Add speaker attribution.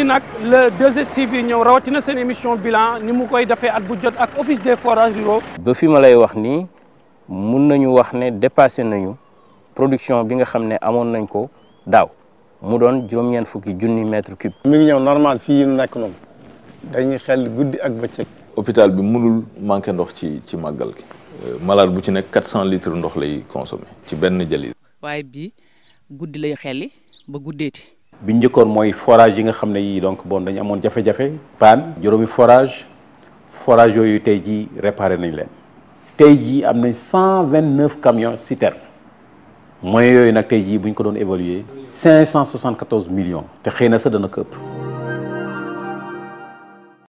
Speaker 1: i nag le 2 ñëw rawatina seen émission bilan ni mu koy defee at bu jot ak office des forages
Speaker 2: ba fi ma lay wax nii mun nañu wax ne dépassé nañu production bi nga xam ne amoon nañ ko daaw mu doon juróom-ñeent fukki
Speaker 3: junni mètre cube mi ngi ñëw normal fii ñu nekk noonu dañuy xel guddi ak bëccëg hôpital bi mënul manqué ndox ci ci màggal gi euh, malade bu ci nekk 400 litres ndox lay consommé ci benn jëli
Speaker 4: waaye bi guddi lay xelli ba guddeeti
Speaker 3: bi njëkkoon
Speaker 5: mooy forage yi nga xam ne yii donc bon dañu amoon jafe-jafe paan juróomi forage forage yooyu tey jii réparé nañ leen tey jii am nañ cent vingt neuf camions citernes moyens yooyu nag tey jii buñ ko doon évaluer cinq cent soixante quatorze millions te xëy na sa dana këpp